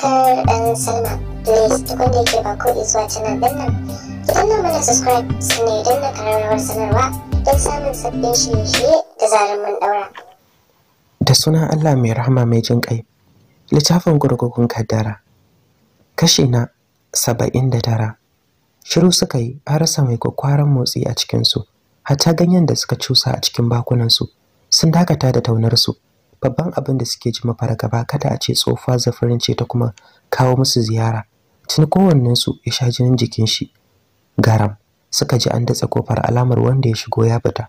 subscribe and sign up. Please tukun da yake ba ko zuwa canal din nan. Ki danna mana subscribe sannan idan na kararrawar sanarwa don samun sabbin shirye-shirye da zarar mun daura. Da sunan Allah mai rahama mai jin ƙai. Littafin gurgurkun kaddara. Kashi na saba'in da dara. Shiru suka yi har rasa mai kwakwaran motsi a cikinsu, hatta ganyen da suka cusa a cikin bakunansu sun dakata da taunarsu. babban abin da suke ji mafara gaba, kada a ce tsofa zafarin ce ta kuma kawo musu ziyara tun su ya sha jinin jikin shi garam suka ji an datsa kofar alamar wanda ya shigo ya fita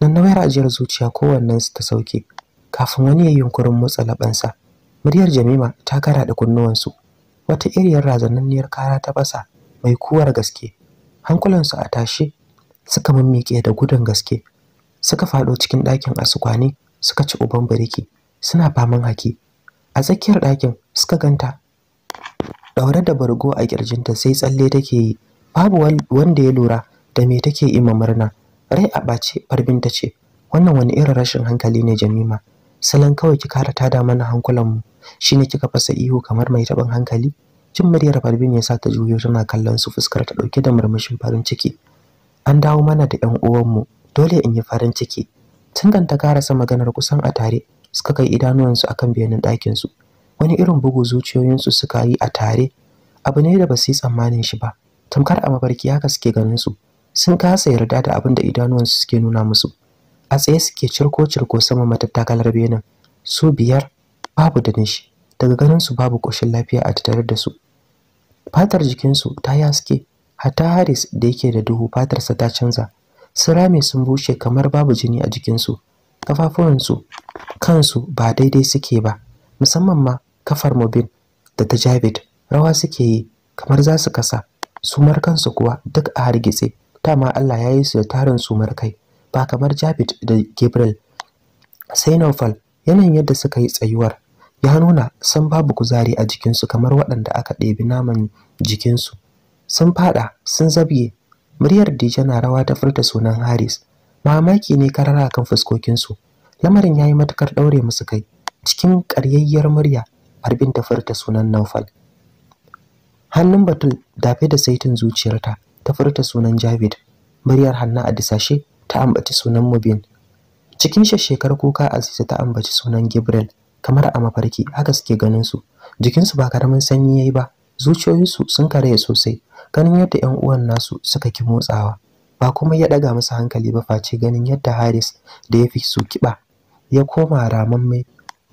nan na wayar ajiyar zuciya su ta sauke kafin wani ya yunkurin motsa labansa muryar jamima ta kara da kunnuwansu wata iriyar razananniyar kara ta basa mai kuwar gaske hankulansu a tashe suka mimmike da gudun gaske suka faɗo cikin ɗakin asukwani? suka ci uban biriki suna faman haki a tsakiyar ɗakin suka ganta daure da bargo a ƙirjinta sai tsalle take yi babu wanda ya lura da me take ima murna rai a ɓace ta ce wannan wani irin rashin hankali ne jamima salon kawai ki kara tada mana hankulanmu shine kika fasa ihu kamar mai taɓin hankali jin muryar farbin ya sa ta juyo tana kallon su fuskar ta ɗauke da murmushin farin ciki an dawo mana da 'yan uwanmu dole in yi farin ciki Tungan ta karasa maganar kusan a tare suka kai idanuwansu akan ɗakin ɗakinsu. Wani irin bugu zuciyoyinsu suka yi a tare abu ne da ba su yi tsammanin shi ba. Tamkar a mabarki haka suke ganin su. Sun kasa yarda da abin da idanuwansu suke nuna musu. A tsaye suke cirko-cirko sama matattakalar benin. Su biyar babu da nishi. Daga ganin su babu koshin lafiya a tattare da su. Fatar jikinsu ta yaske, hatta Haris da yake da duhu fatarsa ta canza. su rame sun bushe kamar babu jini a jikinsu kafafuwansu kansu ba daidai suke ba musamman ma kafar mobin da ta javid rawa suke yi kamar za su kasa sumar kansu kuwa duk a hargitse dama Allah ya yi su da tarin sumar kai ba kamar Jabit da Gabriel sai Naufal yanayin yadda suka yi tsayuwar ya nuna sun babu kuzari a jikinsu kamar waɗanda aka ɗebi naman jikinsu sun faɗa, sun zabiye muryar dije na rawa ta furta sunan haris mamaki ne karara kan fuskokinsu lamarin ya yi matukar ɗaure musu kai cikin ƙaryayyar murya harbin ta furta sunan naufal hannun batul dafe da saitin zuciyarta ta furta sunan javid muryar hanna a disashe ta ambaci sunan mubin cikin shekar kuka aziza ta ambaci sunan Gabriel. kamar a mafarki haka suke ganin su jikinsu ba karamin sanyi yayi ba zuciyoyinsu sun karaya sosai ganin yadda ƴan uwan nasu suka ki motsawa ba kuma ya ɗaga musu hankali ba face ganin yadda Haris da ya fi su kiba ya koma mai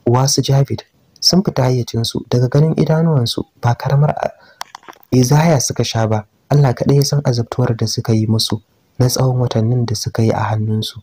wasu Javid sun fita su daga ganin idanuwansu ba karamar izaya suka sha ba Allah kaɗai ya san azabtuwar da suka yi musu na tsawon watannin da suka yi a hannunsu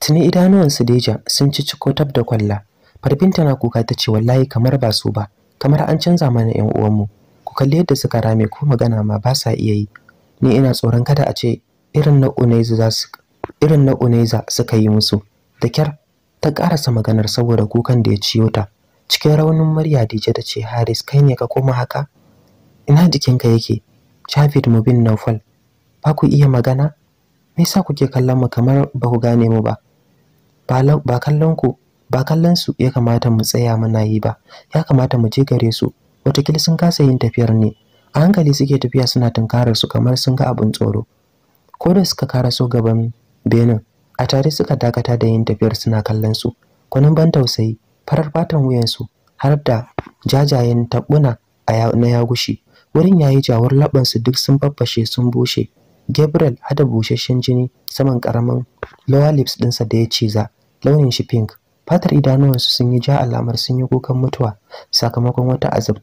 tuni su Deja sun ci tab da kwalla Farbinta na kuka ta ce wallahi kamar ba su ba kamar an canza mana 'yan uwanmu ku kalli yadda suka rame ko magana ma ba sa iya yi ni ina tsoron kada a ce irin na Uneza za su irin na Uneza suka yi musu da kyar ta karasa maganar saboda kukan da ya ciyo ta cikin raunin murya Dije ta ce Haris kai ne ka koma haka ina jikinka yake Javid Mubin Naufal ba ku iya magana me yasa kuke kallon mu kamar ba ku gane mu ba ba kallon ku ba kallon su ya kamata mu tsaya muna yi ba ya kamata mu je gare su watakila sun kasa yin tafiyar ne a hankali suke tafiya suna tunkarar su kamar sun ga abin tsoro ko da suka kara so gaban benin a tare suka dakata da yin tafiyar suna kallon su kunin ban tausayi farar fatan wuyansu har da jajayen tabbuna na yagushi wurin yayi jawar labansu duk sun babbashe sun bushe gabriel hada busasshen jini saman karamin lower lips dinsa da ya ciza launin shi pink fatar idanuwansu sun yi ja alamar sun yi kukan mutuwa sakamakon wata azab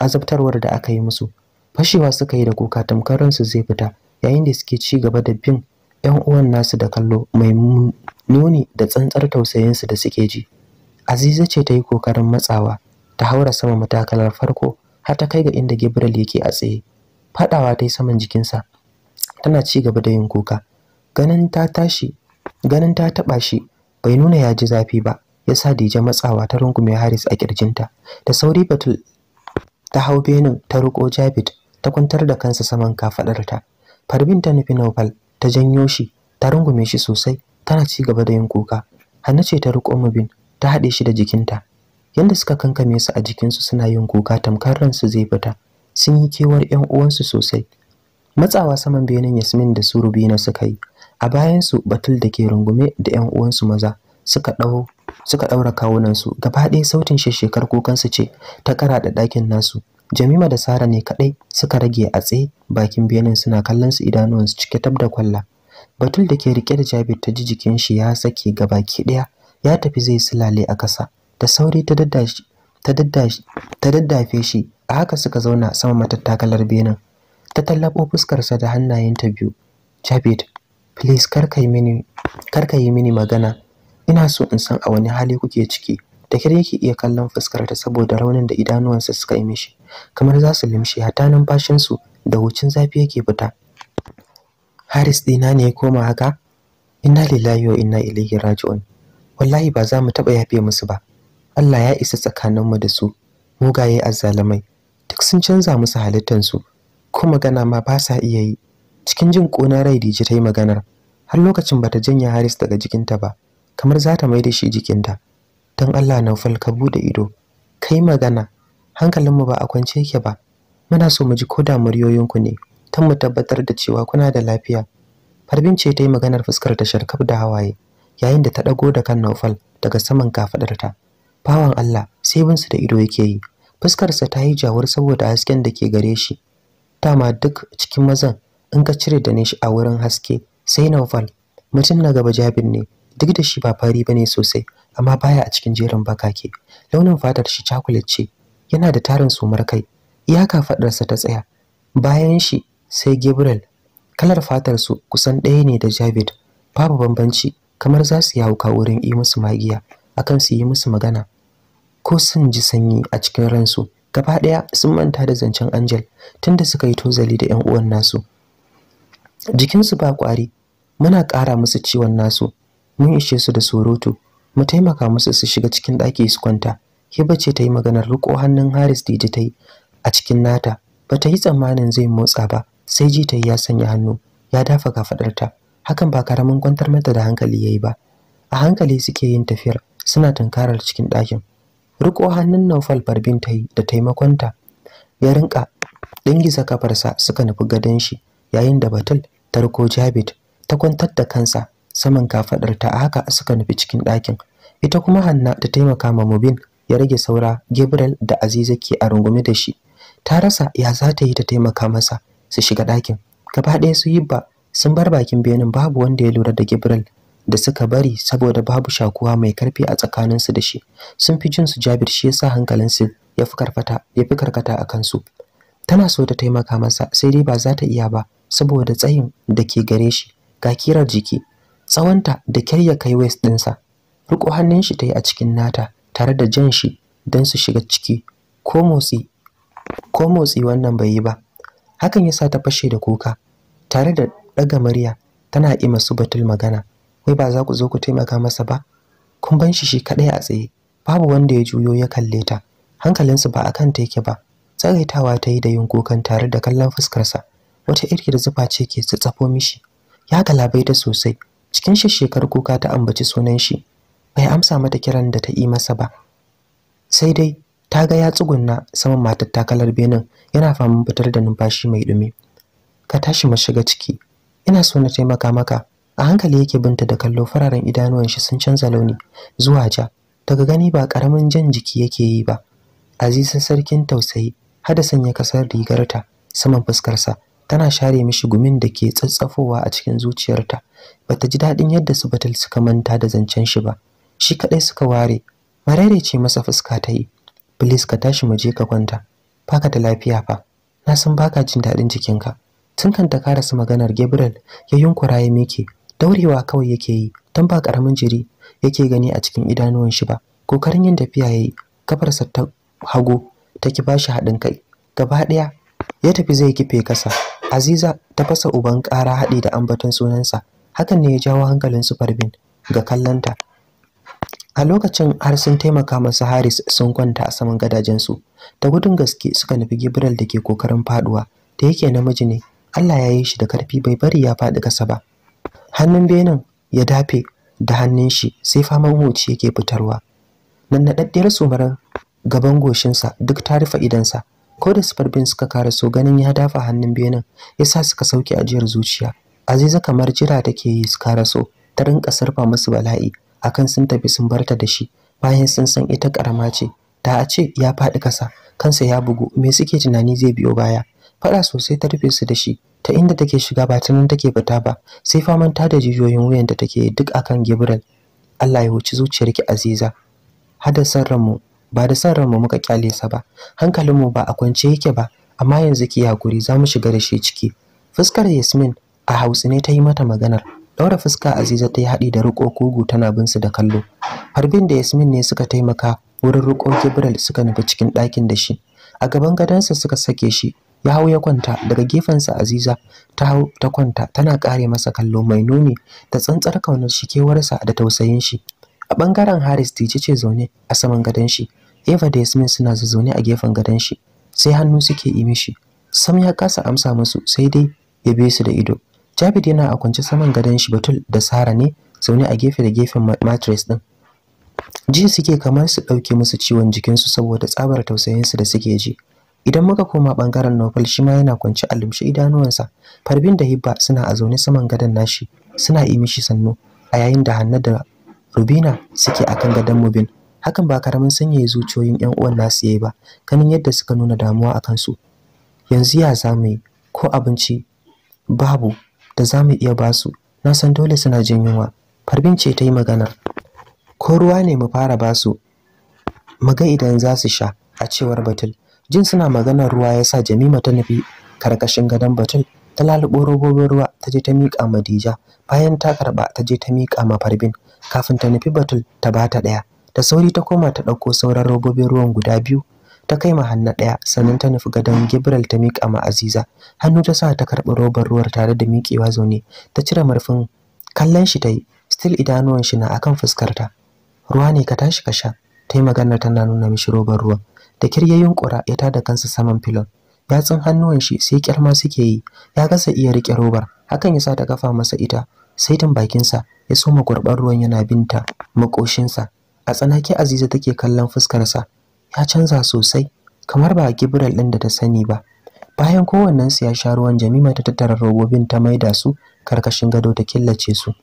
azabtarwar da aka yi musu fashewa suka yi da kuka tamkar su zai fita yayin da suke ci gaba da bin 'yan uwan nasu da kallo mai nuni da tsantsar tausayin su da suke ji aziza ce ta yi kokarin matsawa ta haura sama matakalar farko har ta kai ga inda Gabriel yake a tsaye. Fadawa ta yi saman jikinsa. Tana ci gaba da yin kuka. Ganin ta tashi, ganin ta taba shi bai nuna ya ji zafi ba. Ya sa matsawa ta rungume Haris a kirjinta. Da sauri Batul ta hau benin ta riko jabit ta kwantar da kansa saman kafadarta farbin ta nufi naufal ta janyo shi ta rungume shi sosai tana ci gaba da yin kuka hannu ce ta riko mubin ta haɗe shi da jikinta yadda suka kankame su a jikinsu suna yin kuka tamkar ransu zai fita sun yi kewar yan uwansu sosai matsawa saman benin yasmin da na suka yi a bayansu batul da ke rungume da yan uwansu maza suka ɗau suka ɗaura kawunansu gaba ɗaya sautin shekar kukansu ce ta kara da ɗakin nasu jamima da sara ne kaɗai suka rage a tsaye bakin benin suna kallon su idanuwansu cike tab da kwalla batul da ke rike da jabir ta ji jikin shi ya sake gabaki ɗaya ya tafi zai silale a ƙasa da sauri ta daddafe shi a haka suka zauna sama matattakalar benin ta tallafo fuskarsa da hannayenta biyu jabir please kar ka yi mini magana ina so in san a wani hali kuke ciki da kyar yake iya kallon fuskar ta saboda raunin da idanuwansa suka yi mishi kamar za su limshi, hata numfashin su da wucin zafi yake fita Haris dina ne ya koma haka inna lillahi wa inna ilaihi raji'un wallahi ba za mu taba yafe musu ba Allah ya isa tsakanin mu da su mugaye azzalumai duk sun canza musu su ko magana ma ba sa iya yi cikin jin ƙonar rai diji ta yi maganar har lokacin bata janye Haris daga jikinta ba kamar za ta mai da shi jikinta don Allah Naufal ka bude ido kai magana hankalinmu ba a kwance yake ba muna so mu ji ko da muryoyinku ne don mu tabbatar da cewa kuna da lafiya Farbin ce ta yi maganar fuskar ta sharkaf da hawaye yayin da ta ɗago da kan Naufal daga saman kafaɗarta. Bawan Allah sai binsu da ido yake yi fuskarsa ta yi jawar saboda hasken da ke gare shi dama duk cikin mazan in ka cire da shi a wurin haske sai Naufal mutum na gaba jabin ne duk da shi ba fari bane sosai amma baya a cikin jerin bakake launin fatar shi chocolate ce yana da tarin sumar kai iyaka fadarsa ta tsaya bayan shi sai Gabriel kalar fatar su kusan ɗaya ne da Javid babu bambanci kamar za su yawo wurin yi musu magiya akan su yi musu magana ko sun ji sanyi a cikin ransu gaba ɗaya sun manta da zancen Angel tunda suka yi tozali da 'yan uwan nasu jikinsu ba ƙwari muna ƙara musu ciwon nasu mun ishe su da surutu mu taimaka musu su shiga cikin ɗaki su kwanta hiba ce ta yi maganar riko hannun haris ita ta yi a cikin nata ba ta yi tsammanin zai motsa ba sai ji ta yi ya sanya hannu ya dafa kafaɗarta hakan ba karamin kwantar mata da hankali ya yi ba a hankali suke yin tafiyar suna tunkarar cikin ɗakin riko hannun naufal farbin ta yi da taimakonta ya rinka gisa kafarsa suka nufi gadon shi yayin da batul ta riko jabit ta kwantar da kansa saman kafadarta a haka suka nufi cikin ɗakin ita kuma hanna ta taimaka ma mubin ya rage saura gabriel da aziza ke a rungume da shi ta rasa ya za ta yi ta taimaka masa su shiga ɗakin gaba ɗaya su yibba sun bar bakin benin babu wanda ya lura da gabriel da suka bari saboda babu shakuwa mai karfi a tsakaninsu da shi sun fi jin su jabir shi yasa hankalinsu ya fi karfata ya fi karkata a kansu tana so ta taimaka masa sai dai ba za ta iya ba saboda tsayin da ke gare shi ga kirar jiki tsawonta da kyar kai waist ɗinsa riko hannun shi ta yi a cikin nata tare da jan shi don su shiga ciki ko motsi wannan bai yi ba hakan ya sa ta fashe da kuka tare da ɗaga murya tana ima su batul magana wai ba za ku zo ku taimaka masa ba kun ban shi shi kaɗai a tsaye babu wanda ya juyo ya kalle ta hankalinsu ba a kanta yake ba tsagaitawa ta yi da yin kukan tare da kallon fuskarsa wata irki da zufa ce ke su tsafo mishi ya galabaita sosai cikin shekar kuka ta ambaci sunan shi bai amsa mata kiran da ta yi masa ba sai dai ta ga ya tsugunna saman matar takalar benin yana faman fitar da numfashi mai dumi ka tashi mu shiga ciki ina so na taimaka maka a hankali yake binta da kallo fararen idanuwan shi sun canza launi zuwa ja daga gani ba karamin jan jiki yake yi ba azizin sarkin tausayi hada sanya kasar rigarta saman fuskarsa tana share mishi gumin da ke tsatsafowa a cikin zuciyarta bata ji daɗin yadda su batal suka manta da zancen shi ba shi kaɗai suka ware marere ce masa fuska ta yi Bilis ka tashi mu je ka kwanta baka da lafiya fa na san baka jin daɗin jikinka tun kan ta karasa maganar gabriel ya yunkura ya mike daurewa kawai yake yi don ba karamin jiri yake gani a cikin idanuwan shi ba kokarin yin tafiya ya yayi kafarsa ta hago ta ki bashi haɗin kai gaba ɗaya ya tafi zai kife kasa Aziza ta fasa uban ƙara haɗi da ambaton sunansa. Hakan ne ya jawo hankalin su Farbin ga kallanta. A lokacin har sun taimaka masa Haris sun kwanta a saman gadajensu. Ta gudun gaske suka nufi Gibral da ke kokarin faduwa. Da yake namiji ne, Allah ya yi shi da karfi bai bari ya faɗi ƙasa ba. Hannun benin ya dafe da hannun shi sai faman huci yake fitarwa. Nannaɗaɗɗiyar sumarar gaban goshinsa duk ta rufe idansa ko da sifarbin bin suka karaso ganin ya dafa hannun benin ya sa suka sauke ajiyar zuciya aziza kamar jira take yi su karaso ta rinka sarfa musu bala'i akan sun tafi sun barta da shi bayan sun san ita karama ce da a ce ya faɗi kasa kansa ya bugu me suke tunani zai biyo baya faɗa sosai ta rufe su da shi ta inda take shiga ba ta nan take fita ba sai faman ta da jijiyoyin wuyan da take duk akan Gabriel Allah ya huci zuciyarki Aziza hadasan ranmu ba da san ranmu muka kyale sa ba hankalinmu ba a kwance yake ba amma yanzu ki hakuri za mu shiga da shi ciki fuskar yasmin a hausa ne ta yi mata maganar daura fuska aziza ta yi haɗi da riƙo kugu tana bin su da kallo harbin da yasmin ne suka taimaka wurin riko gibril suka nufi cikin ɗakin da shi a gaban gadonsa suka sake shi ya hau ya kwanta daga gefensa aziza ta hau ta kwanta tana kare masa kallo mai nuni da tsantsar kaunar shi kewarsa da tausayin shi a ɓangaren haris tice ce zaune a saman gadon shi Eva da Yasmin suna zazzaune a gefen gadon shi sai hannu suke yi mishi Sam ya kasa amsa musu sai dai ya bi su da ido Jabir yana a kwance saman gadon shi Batul da Sara ne zaune a gefe da gefen mattress din ji suke kamar su ɗauke musu ciwon jikin su saboda tsabar tausayinsu da suke ji idan muka koma ɓangaren nofal shi ma yana kwance a lumshe idanuwansa farbin da hibba suna a zaune saman gadon nashi suna yi mishi sannu a yayin da hanna da rubina suke akan gadon mubin hakan ba karamin sanyaya zuciyoyin yan uwan nasu yayi ba ganin yadda suka nuna damuwa a kansu. yanzu ya zamu ko abinci babu da zamu iya basu na san dole suna jin yunwa farbin ce ta yi magana ko ruwa ne mu fara basu maga idan za su sha a cewar batul jin suna maganar ruwa ya sa jamima ta nufi karkashin gadon batul ta lalubo robobin ruwa ta je ta miƙa ma dija bayan ta karɓa ta je ta miƙa ma farbin kafin ta nufi batul ta bata ɗaya da sauri ta koma ta ɗauko sauran robobin ruwan guda biyu ta kai ma hanna ɗaya sannan ta nufi gadon Gabriel ta miƙa ma Aziza hannu ta sa ta karɓi robar ruwar tare da miƙewa zaune ta cire murfin kallon shi ta yi still idanuwan shi na akan fuskarta ruwa ne ka tashi ka sha ta yi maganar tana nuna mishi robar ruwan da kiryayin ƙura ya tada kansa saman filon yatsun hannuwan shi sai kyarma suke yi ya gasa iya riƙe robar hakan ya sa ta kafa masa ita saitin bakinsa ya soma gurɓar ruwan yana binta maƙoshinsa. a tsanake aziza take kallon fuskarsa ya canza sosai kamar ba gibiral ɗin da ta sani ba bayan kowannensu ya sha ruwan jamima ta tattara robobin ta maida su karkashin gado ta killace su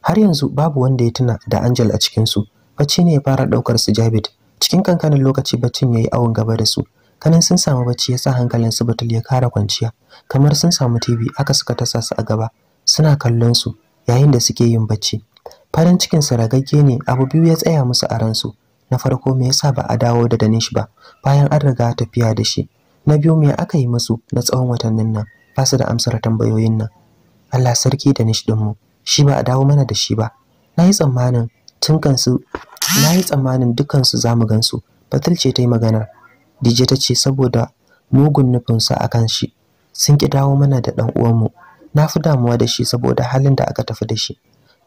har yanzu babu wanda ya tuna da angel a cikinsu bacci ne ya fara ɗaukar su jabit cikin kankanin lokaci baccin ya yi awon gaba da su kanin sun samu bacci ya sa hankalin su batul ya kara kwanciya kamar sun samu tv aka suka tasa su a gaba suna kallon su yayin da suke yin bacci farin cikin su ragagge ne abu biyu ya tsaya musu a ransu na farko me yasa ba a dawo da Danish ba bayan an riga tafiya da shi na biyu me aka yi musu na tsawon watannin nan ba su da amsar tambayoyin nan Allah sarki Danish din mu shi ba a dawo mana da shi ba nayi tsammanin tun kansu nayi tsammanin dukan su mu gansu Fatil ce ta yi magana Dije ta ce saboda mugun nufinsa kan shi sun ki dawo mana da dan uwanmu na fi damuwa da shi saboda halin da aka tafi da shi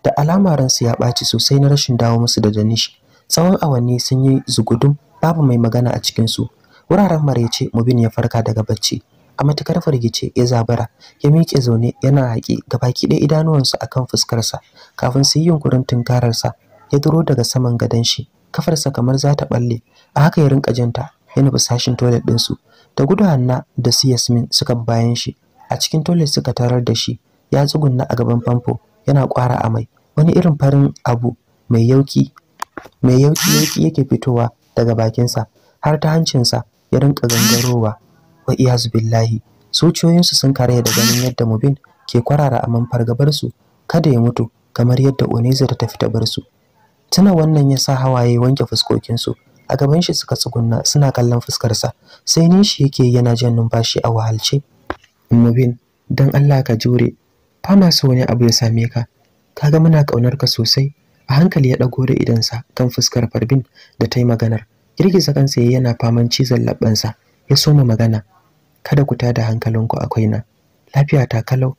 da alama ransu ya ɓaci sosai na rashin dawo musu da danish tsawon awanni sun yi zugudun babu mai magana a cikinsu wuraren maraice mubin ya farka daga bacci a matukar firgice ya zabara ya miƙe zaune yana haƙi baki ɗaya idanuwansu akan fuskarsa kafin su yi yunkurin tunkararsa ya duro daga saman gadon shi kafarsa kamar za ta balle a haka ya rinka jinta ya nufi sashin toilet ɗinsu da gudu hanna da su yasmin suka bayan shi a cikin toilet suka tarar da shi ya tsugunna a gaban famfo yana ƙwara amai wani irin farin abu mai yauki mai yauki yauki yake fitowa daga bakinsa har ta hancinsa ya rinka gangarowa wa iyazu billahi sociyoyinsu sun kare da ganin yadda mubin ke kwarara aman su kada ya mutu kamar yadda oneza ta tafi ta bar su tuna wannan ya sa hawaye wanke fuskokinsu a gaban shi suka tsugunna suna kallon fuskarsa sai nishi yake yana jan numfashi a wahalce mubin dan allah ka jure ba ma wani abu ya same ka Ka ga muna kaunar ka sosai a hankali ya dago da idansa kan fuskar Farbin da ta yi maganar girgiza kansa yayi yana faman cizon sa ya soma magana kada ku tada hankalinku akwai na lafiya ta kalau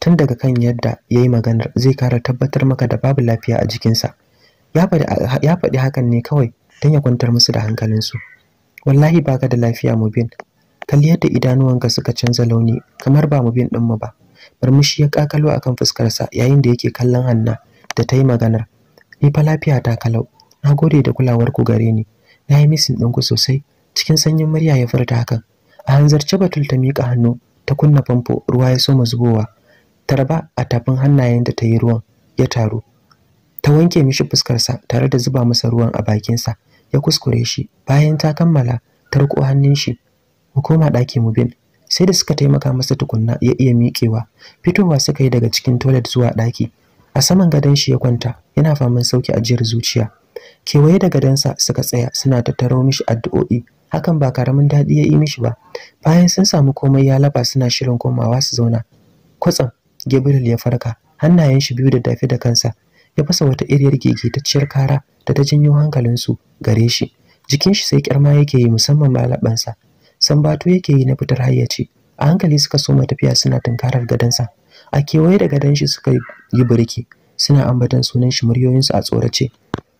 tun daga kan yadda yayi maganar zai kara tabbatar maka da babu lafiya a jikinsa ya faɗi ya faɗi hakan ne kawai dan ya kwantar musu da hankalinsu wallahi baka da lafiya mubin kalli yadda idanuwanka suka canza launi kamar ba mubin mu ba murmushi ya kakalo akan fuskarsa yayin da yake kallon Hanna da ta yi maganar ni fa lafiya ta kalau na gode da kulawar ku gare ni na yi misin ɗinku sosai cikin sanyin murya ya furta hakan a hanzarce batul ta mika hannu ta kunna famfo ruwa ya soma zubowa tarba a tafin hannayen da ta yi ruwan ya taru ta wanke mishi fuskarsa tare da zuba masa ruwan a bakinsa ya kuskure shi bayan ta kammala ta riko hannun shi mu koma ɗaki mu bin sai da suka taimaka masa tukunna ya iya miƙewa fitowa suka yi daga cikin toilet zuwa ɗaki a saman gadon shi ya kwanta yana faman sauki ajiyar zuciya kewaye da gadonsa suka tsaya suna tattaro mishi addu'o'i hakan ba karamin daɗi ya yi mishi ba bayan sun samu komai ya laba suna shirin komawa su zauna kwatsam gabriel ya farka hannayen shi biyu da dafi da kansa ya fasa wata iriyar gegetacciyar kara da ta janyo hankalinsu gare shi jikin shi sai kyarma yake yi musamman ma labansa sambatu yake yi na fitar hayyaci a hankali suka soma tafiya suna tunkarar gadansa a kewaye da gadon shi suka yi birki suna ambatan sunan shi muryoyinsu a tsorace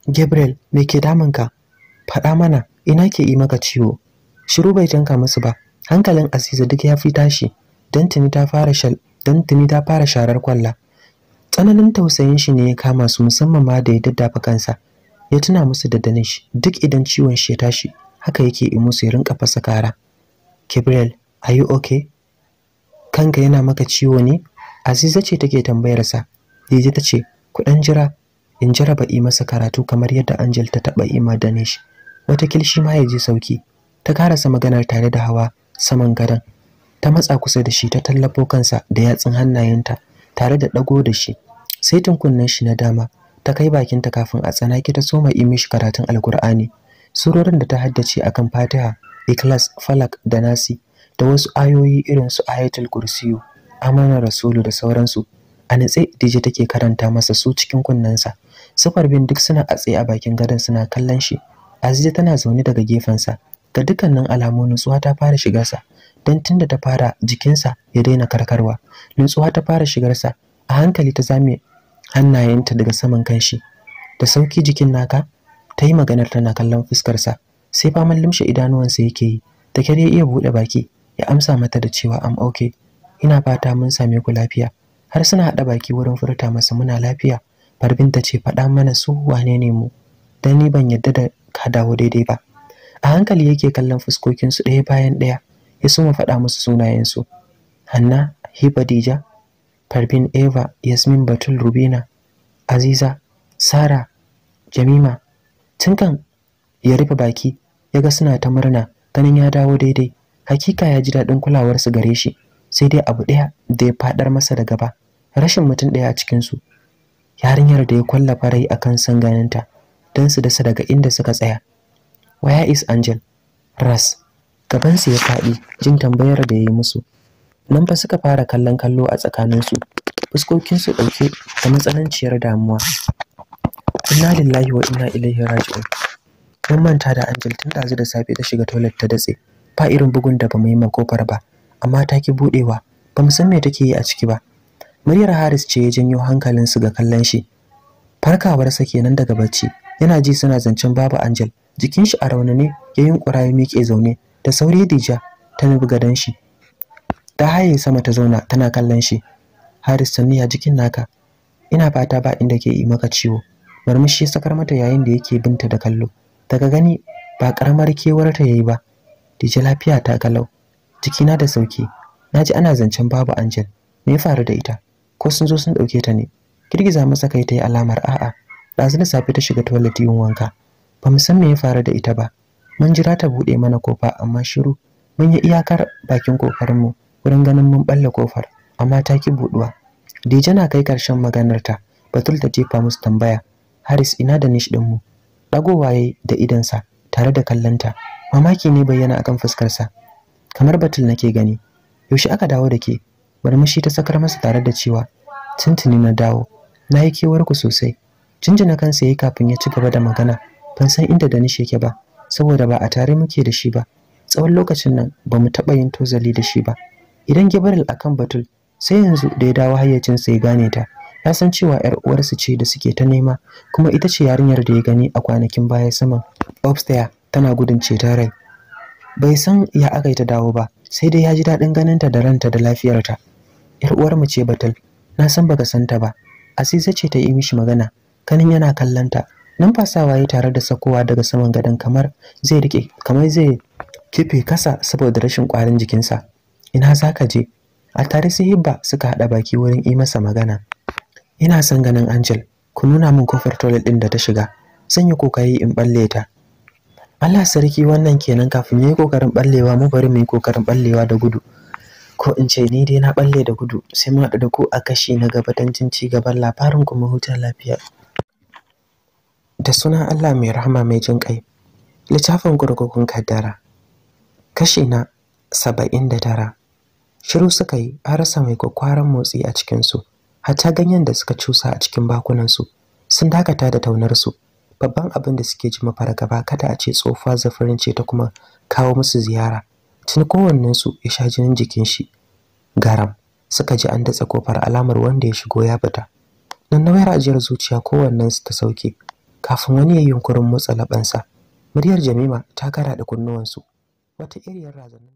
gabriel me ke damunka faɗa mana ina ke yi maka ciwo shiru bai tanka musu ba hankalin aziza duk ya fi tashi don tuni ta fara shal don tuni ta fara sharar kwalla tsananin tausayin shi ne ya kama su musamman ma da ya daddafa kansa ya tuna musu da danin shi duk idan ciwon shi ya tashi haka yake yi musu ya rinka fasa kara Gabriel, are you okay? Kanka yana maka ciwo ne? Aziza ce take tambayar sa. Dije ta ce, ku dan jira, in jaraba yi masa karatu kamar yadda Angel ta taɓa yi ma Danish. Wata shi ma ya ji sauki. Ta karasa maganar tare da hawa saman gadon. Ta matsa kusa da shi ta tallafo kansa da yatsun hannayenta tare da ɗago da shi. Sai tunkunnen shi na dama ta kai bakinta kafin a tsanaki ta soma yi mishi karatun Alkur'ani. Surorin da ta haddace akan Fatiha Ikhlas, Falak da Nasi da wasu ayoyi irin su Ayatul Kursiyu, Amana Rasulu da sauransu. A nitse Dije take karanta masa su cikin kunnensa. Sufar bin duk suna a tsaye a bakin gadon suna kallon shi. Aziza tana zaune daga gefensa. Ga dukkanin alamu nutsuwa ta fara shigarsa. Don tunda ta fara jikinsa ya daina karkarwa. Nutsuwa ta fara shigarsa. A hankali ta zame hannayenta daga saman kanshi. Da sauki jikin naka ta yi maganar tana kallon fuskarsa. sai faman limshe idanuwansa yake yi da kyar ya iya buɗe baki ya amsa mata da cewa am okay ina fata mun same ku lafiya har suna haɗa baki wurin furta masa muna lafiya farbinta ce faɗa mana su wane ne mu dan ni ban yadda da ka dawo daidai ba a hankali yake kallon fuskokinsu ɗaya bayan ɗaya ya suma faɗa musu sunayensu hanna hibadija farbin eva yasmin batul rubina aziza sara jamima tunkan ya rufe baki ya ga suna ta murna ganin ya dawo daidai hakika ya ji daɗin kulawar su gare shi sai dai abu ɗaya da ya faɗar masa da gaba rashin mutum ɗaya a cikinsu yarinyar da ya kwallafa rai a kan son ganinta don su dasa daga inda suka tsaya waya is angel ras gabansu ya faɗi jin tambayar da ya yi musu nan fa suka fara kallon kallo a tsakaninsu fuskokinsu ɗauke da matsananciyar damuwa inna lillahi wa inna ilaihi raji'un mun manta da Angel tun ɗazu da safe ta shiga toilet ta datse ba irin bugun da bamu yi makofar ba amma ta ki buɗewa bamu san me take yi a ciki ba muryar Haris ce ya janyo hankalin su ga kallon shi Farkawar farkawarsa kenan daga bacci yana ji suna zancen babu Angel jikin shi a ne, ya yunkura ya miƙe zaune da sauri Dija ta nubi gadon shi ta haye sama ta zauna tana kallon shi Haris ya jikin naka ina fata ba inda ke yi maka ciwo murmushi ya sakar mata yayin da yake binta da kallo daga gani ba karamar kewar ta yayi ba dije lafiya ta kalau na da sauki naji ana zancen babu angel me ya faru da ita ko sun zo sun dauke ta ne girgiza masa kai ta yi alamar a'a ɗazu da safe ta shiga toilet yin wanka ba mu san me ya faru da ita ba mun jira ta buɗe mana kofa amma shiru mun yi iyakar bakin mu wurin ganin mun balle kofar amma ta ki buɗuwa Dije na kai karshen ta Batul ta jefa musu tambaya Haris ina da nish mu. ɗagowaye da idansa tare da kallonta mamaki ne bayyana akan fuskarsa kamar batul nake gani yaushe aka dawo da ke murmushi ta sakar masa tare da cewa tuntuni na dawo na yi kewar ku sosai jinjina kansa yayi kafin ya ci gaba da magana ban san inda da nishi yake ba saboda ba a tare muke da shi ba tsawon lokacin nan ba mu taɓa yin tozali da shi ba idan gibril akan batul sai yanzu da ya dawo hayyacinsa ya gane ta ya san cewa yar uwarsu ce da suke ta nema kuma ita ce yarinyar da ya gani a kwanakin baya sama upstairs tana gudun ceta rai bai san ya aka yi ta dawo ba sai dai ya ji daɗin ganinta da ranta da lafiyarta yar uwar mu ce batul na san baka san ta ba aziza ce ta yi mishi magana kanin yana kallanta nan fasawa ya tare da sakowa daga saman gadon kamar zai rike kamar zai kife kasa saboda rashin ƙwarin jikinsa ina za ka je a tare su hibba suka haɗa baki wurin yi masa magana ina son ganin Angel ku nuna min kofar toilet din da ta shiga zan yi kokari in balle ta Allah sarki wannan kenan kafin yi kokarin ballewa mu bari mu yi kokarin ballewa da gudu ko in ce ni dai na balle da gudu sai mu haɗu da ku a kashi na gaba jin ci gaban labarin kuma huta lafiya da sunan Allah mai rahama mai jin kai littafin gurgurkun kaddara kashi na saba'in da tara shiru suka yi a rasa mai kwakwaran motsi a cikinsu hatta ganyen da suka cusa a cikin bakunansu sun dakata da taunarsu babban abin da suke ji mafargaba kada a ce tsofa zafarin ce ta kuma kawo musu ziyara tun kowannensu ya sha jinin jikin shi garam suka ji an datsa kofar alamar wanda ya shigo ya fita nan nawayar ajiyar zuciya kowannensu ta sauke kafin wani ya yunkurin motsa labansa muryar jamima ta kara da kunnuwansu wata iriyar razanin